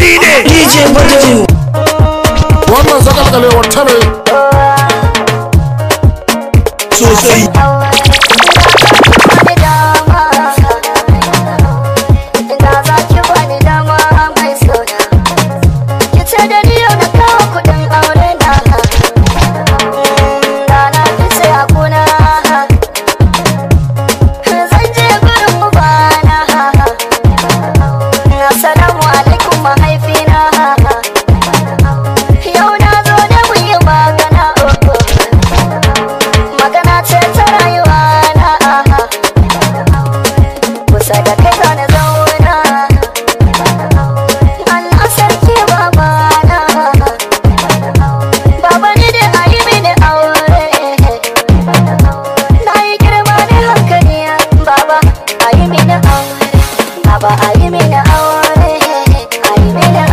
shine DJ Badayu wannan sakalkalewar ta ne sosai ba a yi mini aure a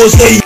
¡Gracias!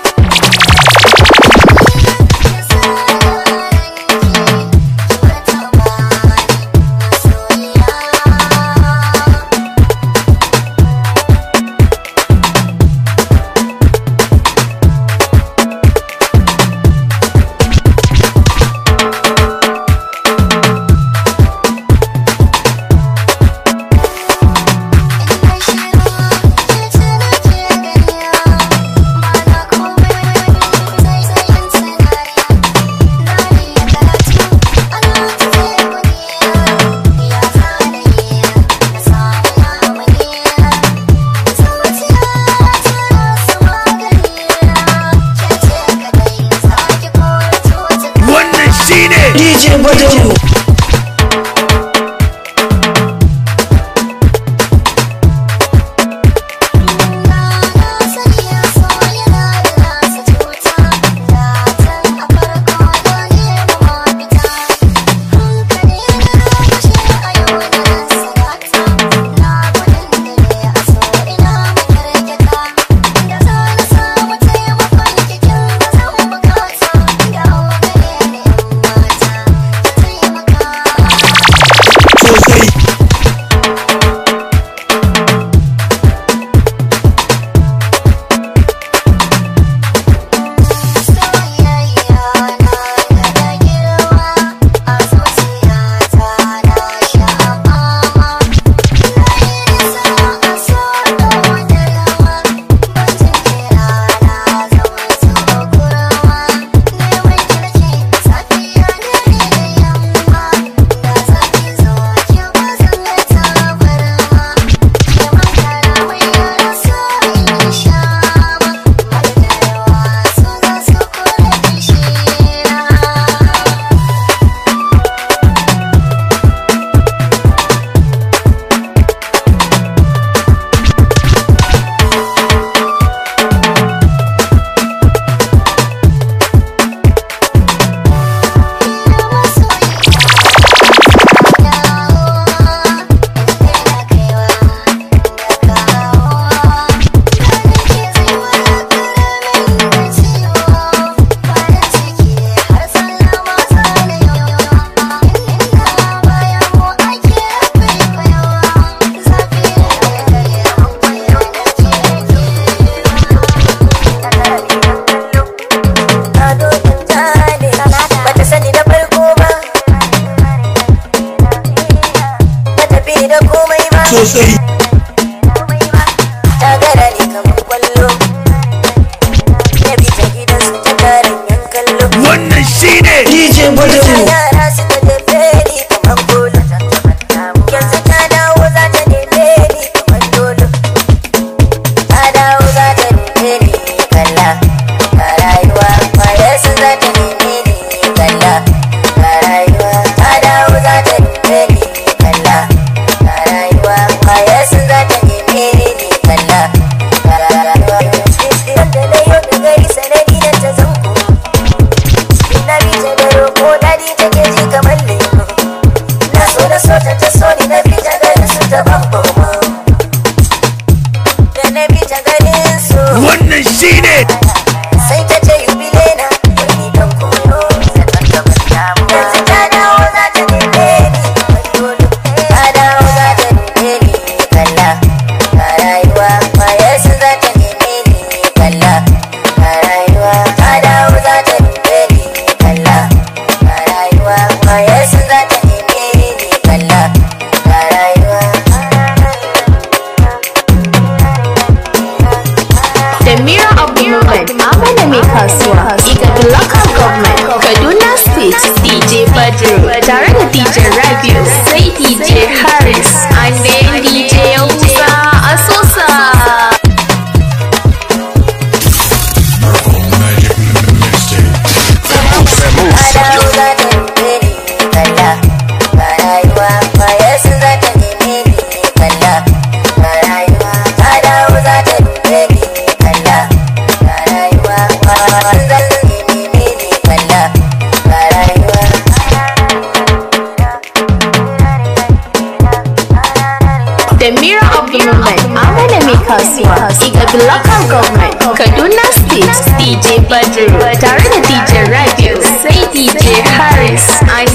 the DJ Radio. Say DJ Harris. I'm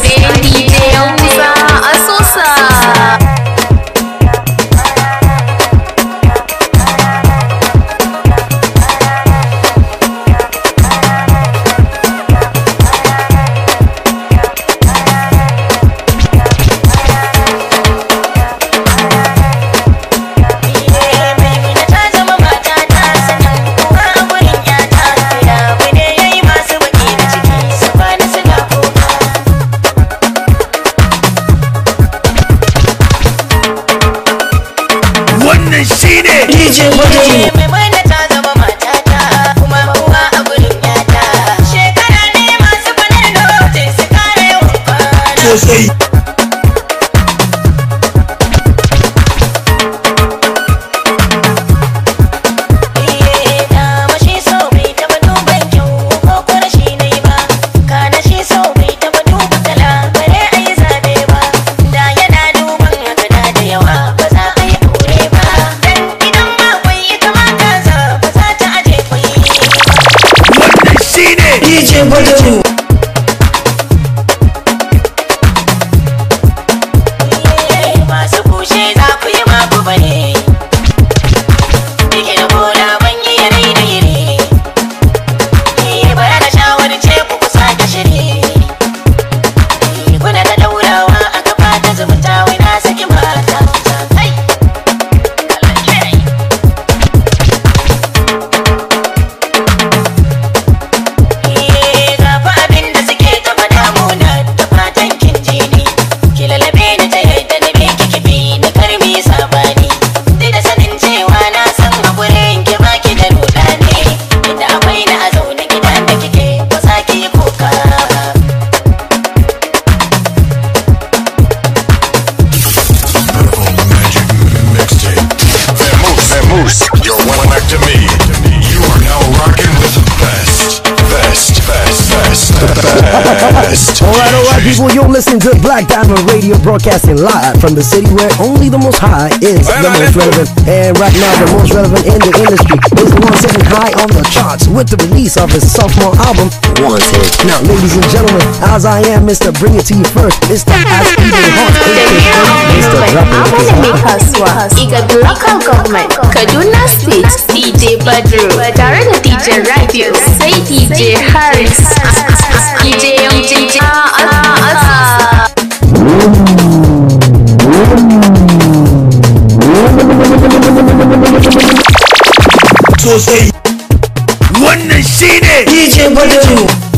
José You're listening to Black Diamond Radio broadcasting live from the city where only the most high is the most relevant. And right now, the most relevant in the industry is the one sitting high on the charts with the release of his sophomore album, Wanted. Now, ladies and gentlemen, as I am, Mr. Bring It To You First, It's Ask Heart, Mr. Drop It. I wanna make local government, DJ Badru, DJ Radio, say DJ Harris, DJ DJ. sosai wannan shine DJ Badaru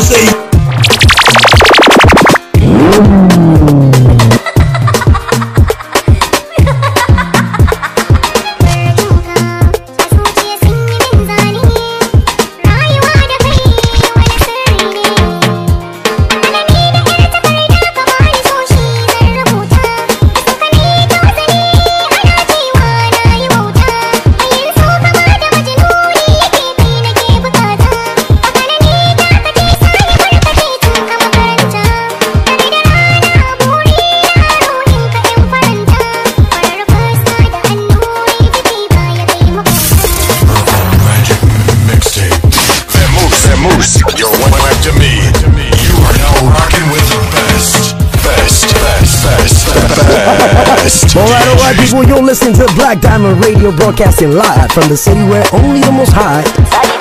José Listen listening to Black Diamond Radio broadcasting live from the city where only the most high.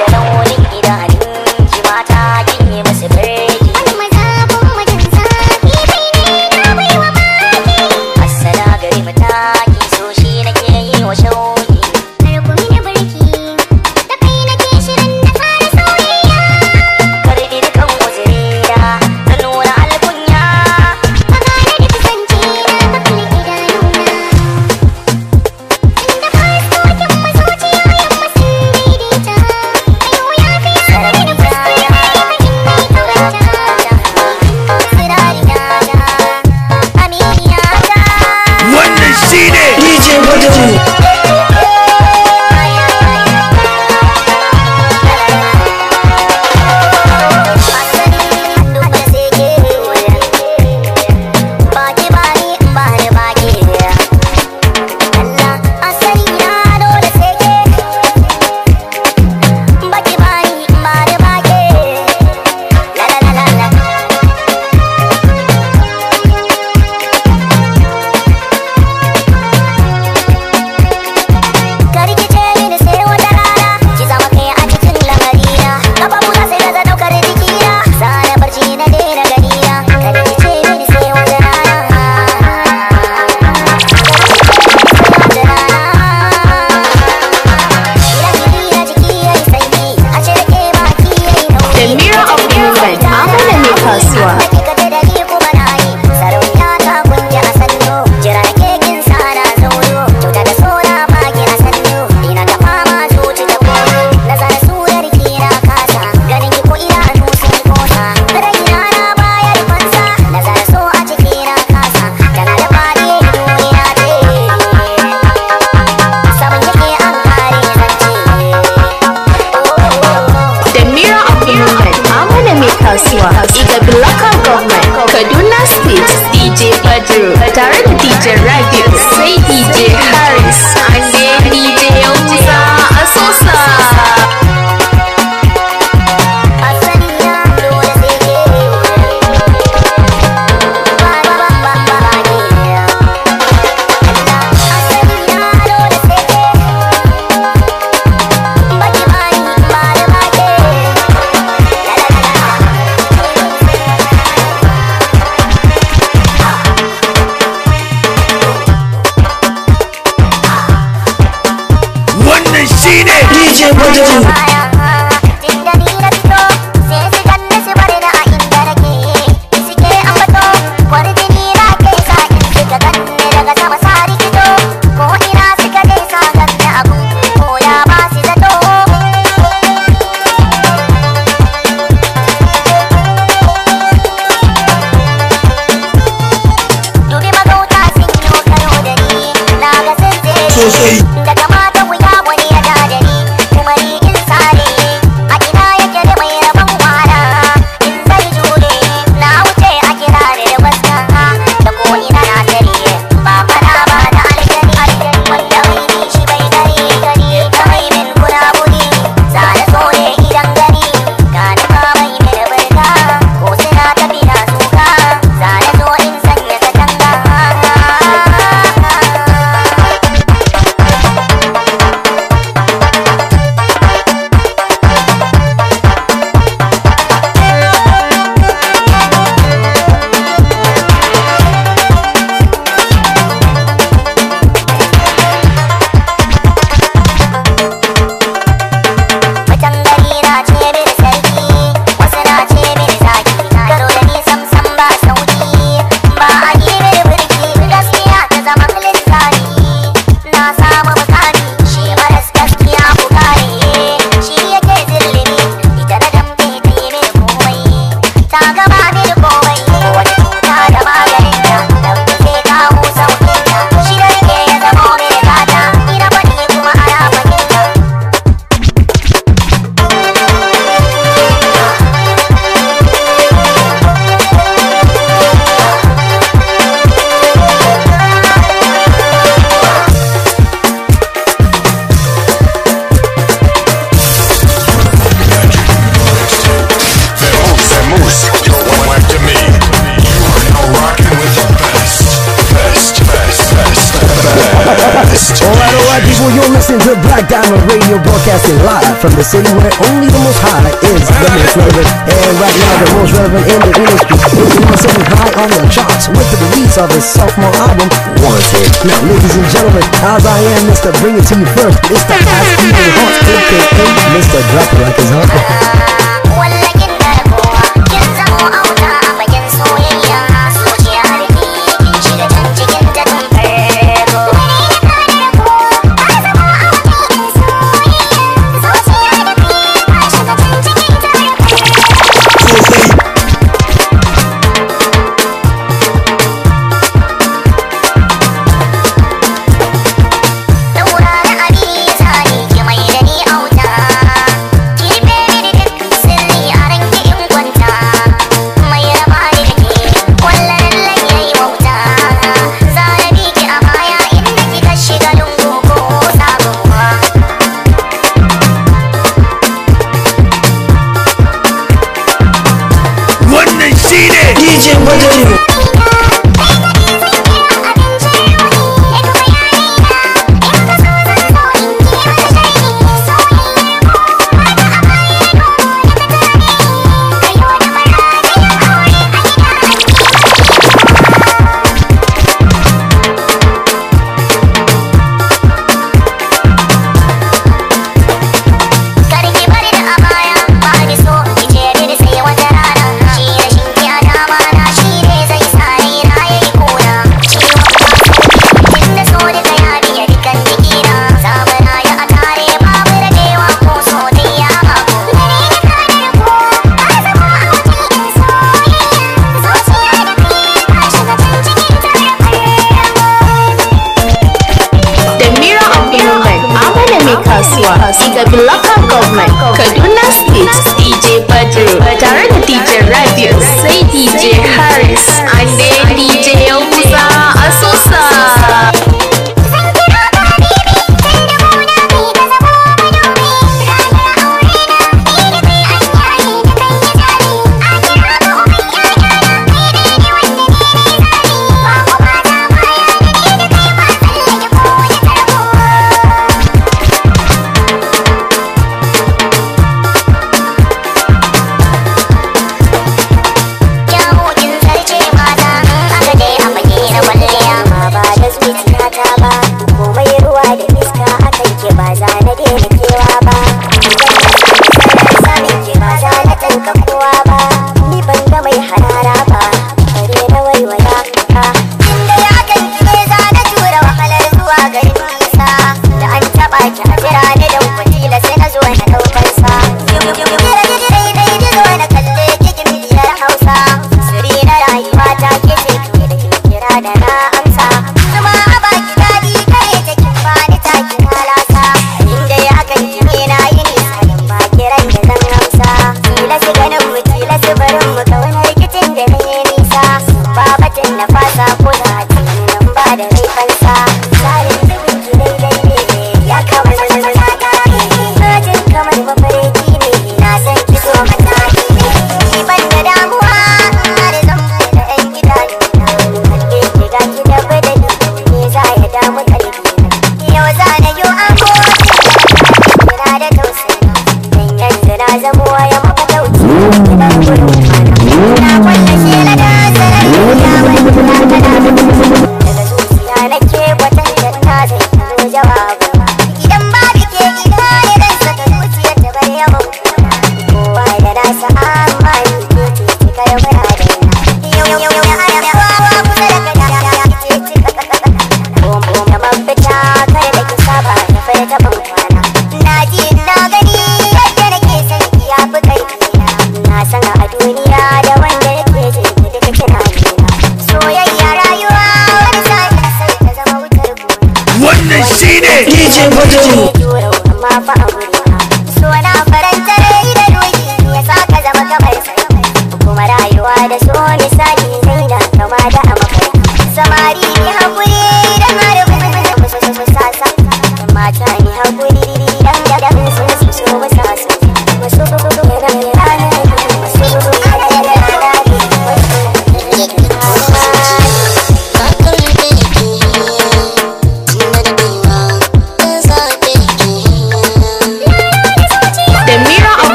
to Black Diamond Radio broadcasting live from the city where only the most high is the most relevant. And right now, the most relevant in the industry is the number seven high on the charts with the release of his sophomore album, Wanted. Now, ladies and gentlemen, as I am, Mr. Bring It To You First, it's the past evil heart, aka Mr. Drop It Like His Uncle.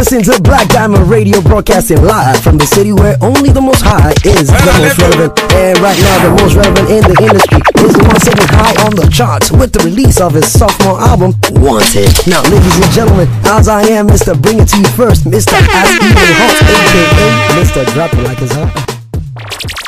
listening to Black Diamond Radio broadcasting live from the city where only the most high is the most relevant. And right now, the most relevant in the industry is the one sitting high on the charts with the release of his sophomore album, Wanted. Now, ladies and gentlemen, as I am, Mr. Bring It To You First, Mr. Ask Even Hot, aka Mr. Drop Like His Hot.